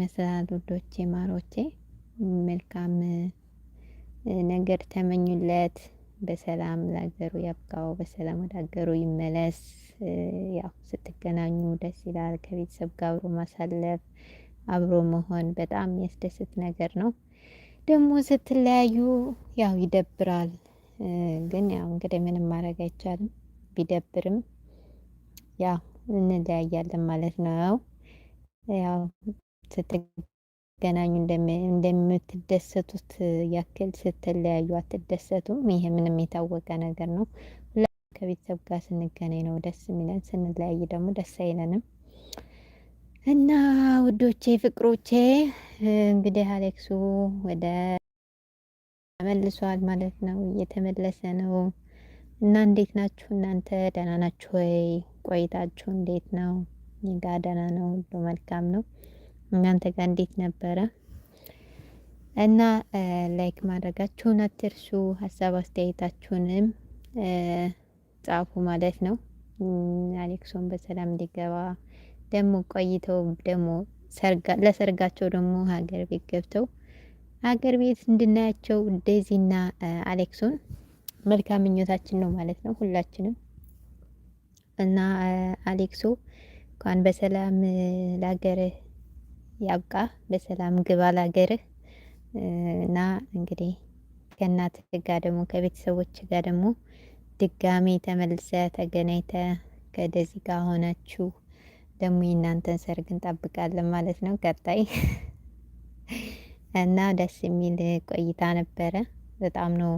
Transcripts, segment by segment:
ይመስላል ውዶቼ ማሮቼ። መልካም ነገር ተመኙለት። በሰላም ለሀገሩ ያብቃው። በሰላም ወደ ሀገሩ ይመለስ። ያው ስትገናኙ ደስ ይላል። ከቤተሰብ ጋር አብሮ ማሳለፍ አብሮ መሆን በጣም የሚያስደስት ነገር ነው። ደግሞ ስትለያዩ ያው ይደብራል፣ ግን ያው እንግዲህ ምንም ማድረግ አይቻልም። ቢደብርም ያው እንለያያለን ማለት ነው ያው ስትገናኙ እንደምትደሰቱት ያክል ስትለያዩ አትደሰቱም። ይሄ ምንም የታወቀ ነገር ነው። ከቤተሰብ ጋር ስንገናኝ ነው ደስ የሚለን፣ ስንለያይ ደግሞ ደስ አይለንም። እና ውዶቼ ፍቅሮቼ እንግዲህ አሌክሱ ወደ ተመልሷል ማለት ነው፣ እየተመለሰ ነው። እና እንዴት ናችሁ እናንተ? ደህና ናችሁ ወይ? ቆይታችሁ እንዴት ነው? እኔ ጋ ደህና ነው፣ ሁሉ መልካም ነው። እናንተ ጋር እንዴት ነበረ? እና ላይክ ማድረጋችሁን አትርሱ። ሀሳብ አስተያየታችሁንም ጻፉ ማለት ነው። አሌክሶን በሰላም እንዲገባ ደግሞ ቆይተው ደግሞ ለሰርጋቸው ደግሞ ሀገር ቤት ገብተው ሀገር ቤት እንድናያቸው ዴዚና አሌክሶን መልካም ምኞታችን ነው ማለት ነው ሁላችንም። እና አሌክሶ እንኳን በሰላም ላገርህ ያብቃ፣ በሰላም ግባ ላገርህ እና እንግዲህ ከእናት ጋር ደግሞ ከቤተሰቦች ጋር ደግሞ ድጋሚ ተመልሰ ተገናኝተ ከደዚ ጋር ሆናችሁ ደግሞ የእናንተን ሰርግ እንጠብቃለን ማለት ነው ቀጣይ እና ደስ የሚል ቆይታ ነበረ። በጣም ነው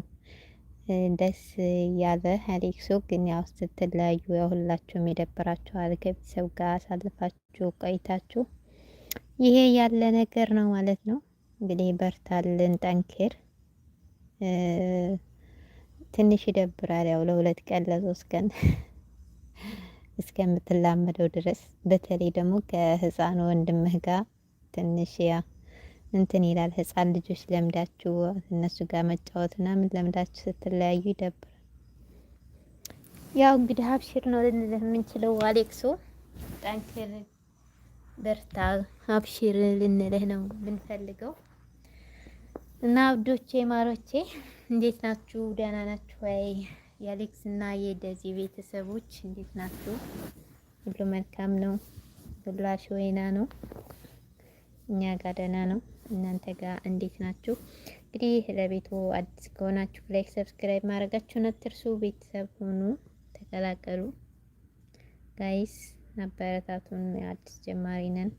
ደስ ያለ አሌክሶ። ግን ያው ስትለያዩ ያው ሁላችሁም የደበራችኋል ከቤተሰብ ጋር አሳልፋችሁ ቆይታችሁ ይሄ ያለ ነገር ነው ማለት ነው። እንግዲህ በርታልን፣ ጠንክር። ትንሽ ይደብራል ያው ለሁለት ቀን ለሶስት ቀን እስከምትላመደው ድረስ በተለይ ደግሞ ከህፃን ወንድምህ ጋር ትንሽ ያ እንትን ይላል። ህፃን ልጆች ለምዳችሁ እነሱ ጋር መጫወትና ምን ለምዳችሁ ስትለያዩ ይደብራል። ያው እንግዲህ ሀብሽር ነው ልንልህ የምንችለው አሌክሶ ጠንክር። በርታ አብሽር ልንልህ ነው የምንፈልገው። እና አብዶቼ ማሮቼ እንዴት ናችሁ? ደህና ናችሁ ወይ? የአሌክስ እና የደዚ ቤተሰቦች እንዴት ናችሁ? ሁሉ መልካም ነው። ሁሉ አሽወይና ነው። እኛ ጋር ደህና ነው። እናንተ ጋር እንዴት ናችሁ? እንግዲህ ለቤቱ አዲስ ከሆናችሁ ላይክ፣ ሰብስክራይብ ማድረጋችሁን አትርሱ። ቤተሰብ ሆኑ፣ ተቀላቀሉ ጋይስ አበረታቱን። አዲስ ጀማሪ ነን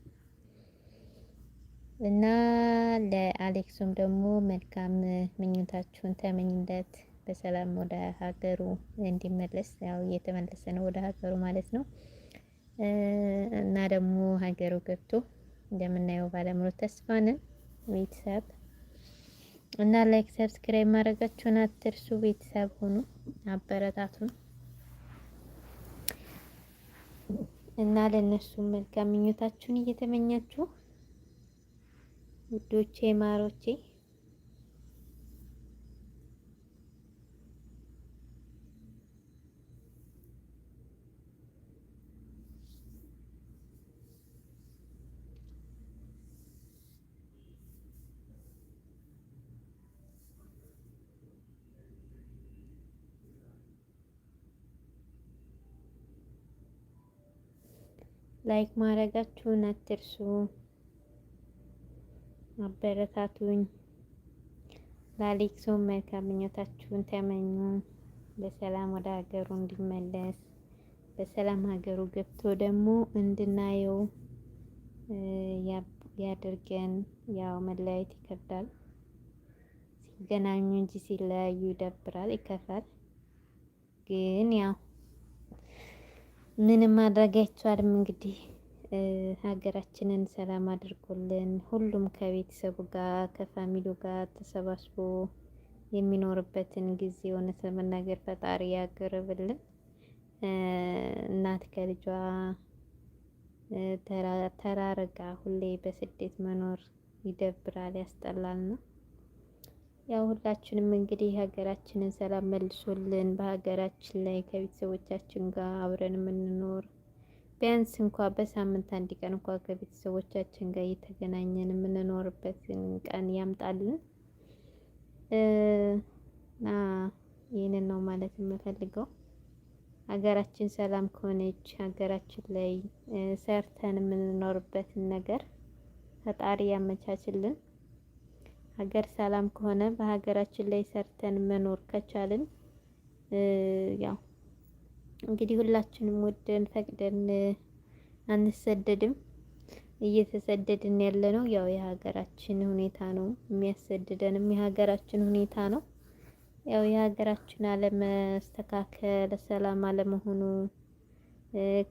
እና ለአሌክሱም ደግሞ መልካም ምኞታችሁን ተመኝለት በሰላም ወደ ሀገሩ እንዲመለስ ያው እየተመለሰ ነው ወደ ሀገሩ ማለት ነው። እና ደግሞ ሀገሩ ገብቶ እንደምናየው ባለሙሉ ተስፋ ነን ቤተሰብ እና ላይክ ሰብስክራይብ ማድረጋችሁን አትርሱ። ቤተሰብ ሆኑ አበረታቱን። እና ለእነሱም መልካም ምኞታችሁን እየተመኛችሁ ውዶቼ ማሮቼ ላይክ ማድረጋችሁን አትርሱ። ማበረታቱኝ። ላሊክሶ መልካም ምኞታችሁን ተመኙ። በሰላም ወደ ሀገሩ እንዲመለስ በሰላም ሀገሩ ገብቶ ደግሞ እንድናየው ያድርገን። ያው መለያየት ይከብዳል። ሲገናኙ እንጂ ሲለያዩ ይደብራል፣ ይከፋል። ግን ያው ምንም ማድረግ አይቻልም። እንግዲህ ሀገራችንን ሰላም አድርጎልን ሁሉም ከቤተሰቡ ጋር ከፋሚሊ ጋር ተሰባስቦ የሚኖርበትን ጊዜ እውነት ለመናገር ፈጣሪ ያቅርብልን። እናት ከልጇ ተራረጋ ሁሌ በስደት መኖር ይደብራል፣ ያስጠላል ነው ያው ሁላችንም እንግዲህ ሀገራችንን ሰላም መልሶልን በሀገራችን ላይ ከቤተሰቦቻችን ጋር አብረን የምንኖር ቢያንስ እንኳ በሳምንት አንድ ቀን እንኳ ከቤተሰቦቻችን ጋር እየተገናኘን የምንኖርበትን ቀን ያምጣልን እና ይህንን ነው ማለት የምፈልገው። ሀገራችን ሰላም ከሆነች ሀገራችን ላይ ሰርተን የምንኖርበትን ነገር ፈጣሪ ያመቻችልን። ሀገር ሰላም ከሆነ በሀገራችን ላይ ሰርተን መኖር ከቻልን ያው እንግዲህ ሁላችንም ወደን ፈቅደን አንሰደድም። እየተሰደድን ያለ ነው ያው የሀገራችን ሁኔታ ነው የሚያሰድደንም የሀገራችን ሁኔታ ነው። ያው የሀገራችን አለመስተካከል፣ ሰላም አለመሆኑ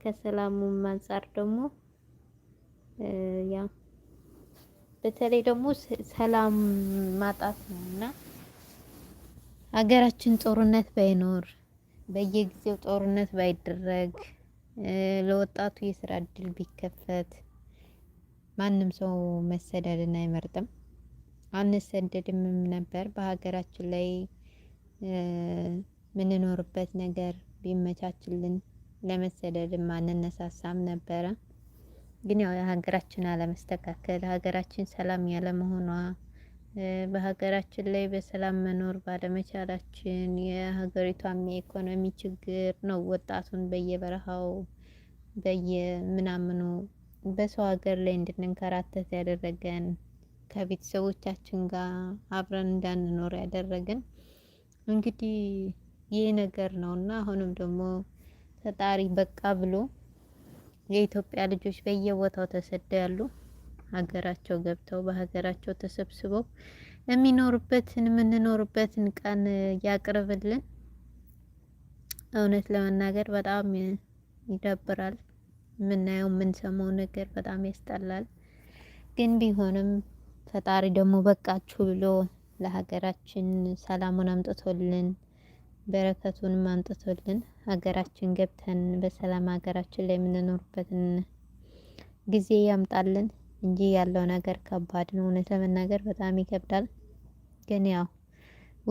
ከሰላሙም አንጻር ደግሞ ያው በተለይ ደግሞ ሰላም ማጣት ነው እና ሀገራችን ጦርነት ባይኖር በየጊዜው ጦርነት ባይደረግ ለወጣቱ የስራ እድል ቢከፈት ማንም ሰው መሰደድን አይመርጥም። አንሰደድምም ነበር። በሀገራችን ላይ የምንኖርበት ነገር ቢመቻችልን ለመሰደድም አንነሳሳም ነበረ። ግን ያው ሀገራችን አለመስተካከል፣ ሀገራችን ሰላም ያለመሆኗ፣ በሀገራችን ላይ በሰላም መኖር ባለመቻላችን የሀገሪቷም የኢኮኖሚ ችግር ነው ወጣቱን በየበረሃው በየምናምኑ በሰው ሀገር ላይ እንድንንከራተት ያደረገን ከቤተሰቦቻችን ጋር አብረን እንዳንኖር ያደረግን እንግዲህ ይህ ነገር ነው እና አሁንም ደግሞ ፈጣሪ በቃ ብሎ የኢትዮጵያ ልጆች በየቦታው ተሰደው ያሉ ሀገራቸው ገብተው በሀገራቸው ተሰብስበው የሚኖሩበትን የምንኖርበትን ቀን ያቅርብልን። እውነት ለመናገር በጣም ይደብራል። የምናየው የምንሰማው ነገር በጣም ያስጠላል። ግን ቢሆንም ፈጣሪ ደግሞ በቃችሁ ብሎ ለሀገራችን ሰላሙን አምጥቶልን በረከቱንም አምጥቶልን ሀገራችን ገብተን በሰላም ሀገራችን ላይ የምንኖርበትን ጊዜ ያምጣልን እንጂ ያለው ነገር ከባድ ነው። እውነት ለመናገር በጣም ይከብዳል። ግን ያው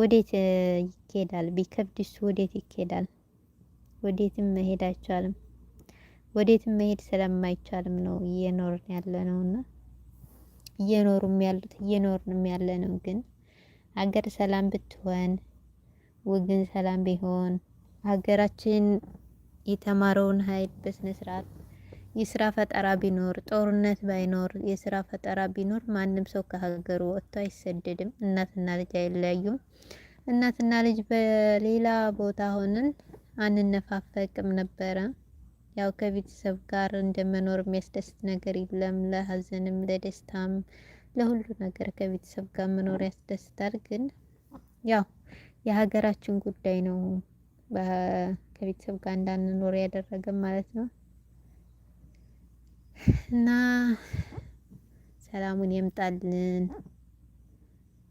ወዴት ይኬዳል? ቢከብድስ ወዴት ይኬዳል? ወዴትም መሄድ አይቻልም። ወዴትም መሄድ ስለማይቻልም ነው እየኖርን ያለ ነው እና እየኖሩም ያሉት እየኖርንም ያለ ነው። ግን ሀገር ሰላም ብትሆን፣ ወግን ሰላም ቢሆን ሀገራችን የተማረውን ኃይል በስነ ስርዓት የስራ ፈጠራ ቢኖር ጦርነት ባይኖር የስራ ፈጠራ ቢኖር ማንም ሰው ከሀገሩ ወጥቶ አይሰደድም። እናትና ልጅ አይለያዩም። እናትና ልጅ በሌላ ቦታ ሆነን አንነፋፈቅም ነበረ። ያው ከቤተሰብ ጋር እንደመኖር የሚያስደስት ነገር የለም። ለሀዘንም፣ ለደስታም፣ ለሁሉ ነገር ከቤተሰብ ጋር መኖር ያስደስታል። ግን ያው የሀገራችን ጉዳይ ነው። ከቤተሰብ ጋር እንዳንኖር ያደረገን ማለት ነው። እና ሰላሙን ያምጣልን።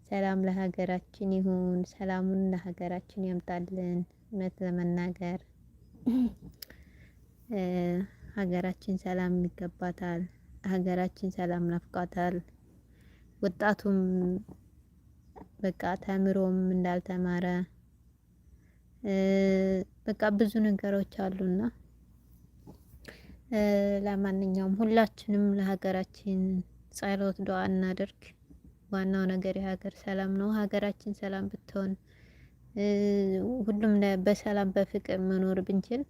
ሰላም ለሀገራችን ይሁን። ሰላሙን ለሀገራችን ያምጣልን። እውነት ለመናገር ሀገራችን ሰላም ይገባታል። ሀገራችን ሰላም ናፍቃታል። ወጣቱም በቃ ተምሮም እንዳልተማረ በቃ ብዙ ነገሮች አሉና ለማንኛውም ሁላችንም ለሀገራችን ጸሎት ዱአ እናደርግ። ዋናው ነገር የሀገር ሰላም ነው። ሀገራችን ሰላም ብትሆን ሁሉም በሰላም በፍቅር መኖር ብንችል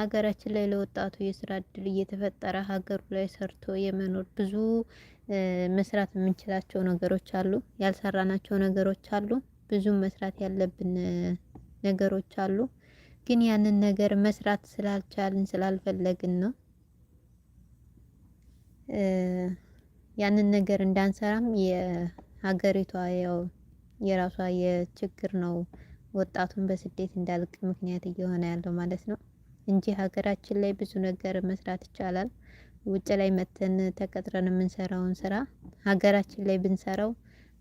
ሀገራችን ላይ ለወጣቱ የስራ እድል እየተፈጠረ ሀገሩ ላይ ሰርቶ የመኖር ብዙ መስራት የምንችላቸው ነገሮች አሉ፣ ያልሰራናቸው ነገሮች አሉ። ብዙም መስራት ያለብን ነገሮች አሉ። ግን ያንን ነገር መስራት ስላልቻልን ስላልፈለግን ነው ያንን ነገር እንዳንሰራም የሀገሪቷ ያው የራሷ የችግር ነው። ወጣቱን በስደት እንዳልቅ ምክንያት እየሆነ ያለው ማለት ነው እንጂ ሀገራችን ላይ ብዙ ነገር መስራት ይቻላል። ውጭ ላይ መተን ተቀጥረን የምንሰራውን ስራ ሀገራችን ላይ ብንሰራው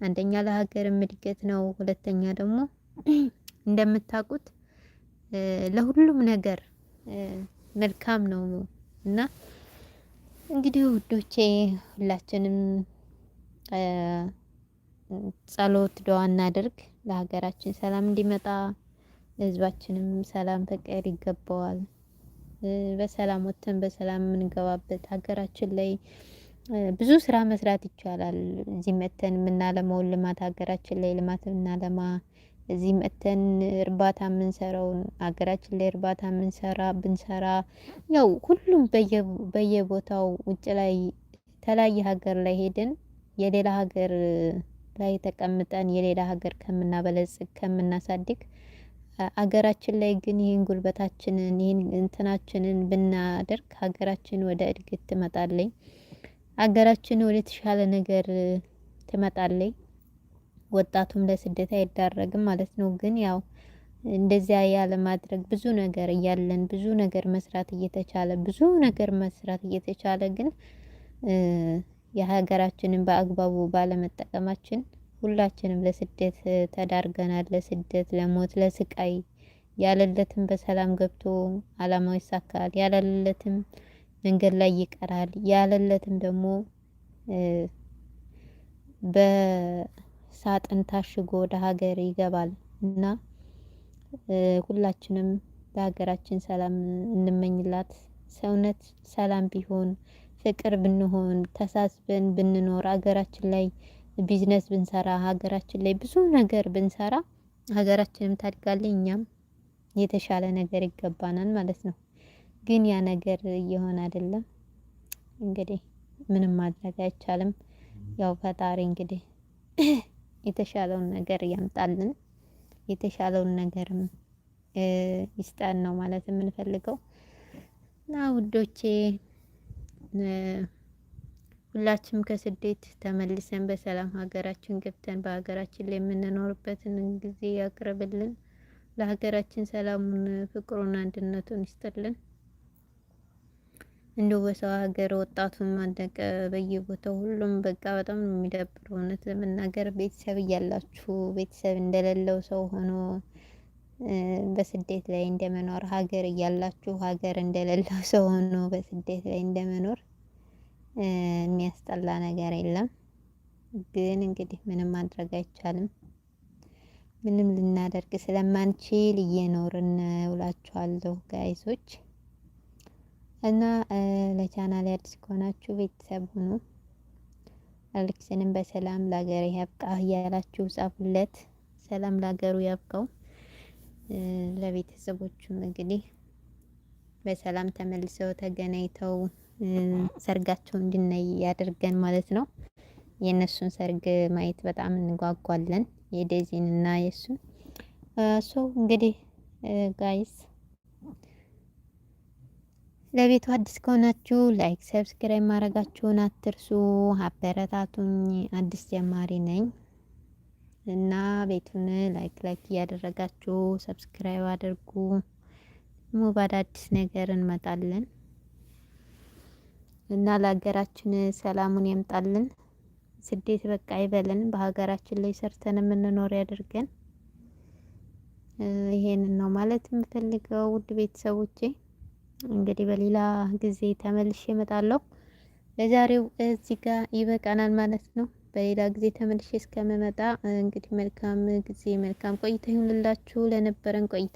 አንደኛ ለሀገርም እድገት ነው፣ ሁለተኛ ደግሞ እንደምታውቁት ለሁሉም ነገር መልካም ነው እና እንግዲህ ውዶቼ ሁላችንም ጸሎት ደዋ እናደርግ። ለሀገራችን ሰላም እንዲመጣ ህዝባችንም ሰላም ፈቀድ ይገባዋል። በሰላም ወጥተን በሰላም የምንገባበት ሀገራችን ላይ ብዙ ስራ መስራት ይቻላል። እዚህ መተን የምናለማውን ልማት ሀገራችን ላይ ልማት የምናለማ እዚህ መተን እርባታ የምንሰራውን አገራችን ላይ እርባታ የምንሰራ ብንሰራ ያው ሁሉም በየቦታው ውጭ ላይ ተለያየ ሀገር ላይ ሄደን የሌላ ሀገር ላይ ተቀምጠን የሌላ ሀገር ከምናበለጽግ ከምናሳድግ አገራችን ላይ ግን ይህን ጉልበታችንን ይህን እንትናችንን ብናደርግ ሀገራችን ወደ እድገት ትመጣለኝ። ሀገራችን ወደ ተሻለ ነገር ትመጣለኝ። ወጣቱም ለስደት አይዳረግም ማለት ነው። ግን ያው እንደዚያ ያለ ማድረግ ብዙ ነገር እያለን ብዙ ነገር መስራት እየተቻለ ብዙ ነገር መስራት እየተቻለ ግን የሀገራችንን በአግባቡ ባለመጠቀማችን ሁላችንም ለስደት ተዳርገናል። ለስደት፣ ለሞት፣ ለስቃይ ያለለትም በሰላም ገብቶ አላማው ይሳካል፣ ያለለትም መንገድ ላይ ይቀራል፣ ያለለትም ደግሞ በ ሳጥን ታሽጎ ወደ ሀገር ይገባል እና ሁላችንም ለሀገራችን ሰላም እንመኝላት። ሰውነት ሰላም ቢሆን ፍቅር ብንሆን ተሳስበን ብንኖር ሀገራችን ላይ ቢዝነስ ብንሰራ ሀገራችን ላይ ብዙ ነገር ብንሰራ ሀገራችንም ታድጋለች፣ እኛም የተሻለ ነገር ይገባናል ማለት ነው። ግን ያ ነገር እየሆነ አይደለም። እንግዲህ ምንም ማድረግ አይቻልም። ያው ፈጣሪ እንግዲህ የተሻለውን ነገር ያምጣልን፣ የተሻለውን ነገርም ይስጠን ነው ማለት የምንፈልገው እና ውዶቼ ሁላችንም ከስደት ተመልሰን በሰላም ሀገራችን ገብተን በሀገራችን ላይ የምንኖርበትን ጊዜ ያቅርብልን። ለሀገራችን ሰላሙን፣ ፍቅሩን፣ አንድነቱን ይስጥልን። እንደው በሰው ሀገር ወጣቱን ማለቀ በየቦታው ሁሉም በቃ በጣም ነው እውነት ለመናገር ቤተሰብ እያላችሁ ቤተሰብ እንደሌለው ሰው ሆኖ በስደት ላይ እንደመኖር፣ ሀገር እያላችሁ ሀገር እንደሌለው ሰው ሆኖ በስደት ላይ እንደመኖር የሚያስጠላ ነገር የለም። ግን እንግዲህ ምንም ማድረግ አይቻልም። ምንም ልናደርግ ስለማንችል እየኖርን ውላችኋለሁ ጋይሶች። እና ለቻናል አዲስ ከሆናችሁ ቤተሰብ ሁኑ። አሌክስንም በሰላም ለሀገር ያብቃ እያላችሁ ጻፉለት። ሰላም ለሀገሩ ያብቃው። ለቤተሰቦቹም እንግዲህ በሰላም ተመልሰው ተገናኝተው ሰርጋቸው እንድናይ ያደርገን ማለት ነው። የእነሱን ሰርግ ማየት በጣም እንጓጓለን። የዴዚን እና የእሱን እሱ እንግዲህ ጋይስ ለቤቱ አዲስ ከሆናችሁ ላይክ፣ ሰብስክራይብ ማድረጋችሁን አትርሱ። አበረታቱኝ። አዲስ ጀማሪ ነኝ እና ቤቱን ላይክ ላይክ እያደረጋችሁ ሰብስክራይብ አድርጉ። ደግሞ በአዳዲስ ነገር እንመጣለን እና ለሀገራችን ሰላሙን ያምጣልን። ስደት በቃ አይበለን። በሀገራችን ላይ ሰርተን የምንኖር ያደርገን ይሄንን ነው ማለት የምፈልገው ውድ ቤተሰቦቼ። እንግዲህ በሌላ ጊዜ ተመልሼ እመጣለሁ። ለዛሬው እዚህ ጋር ይበቃናል ማለት ነው። በሌላ ጊዜ ተመልሼ እስከምመጣ እንግዲህ መልካም ጊዜ መልካም ቆይታ ይሁንላችሁ። ለነበረን ቆይታ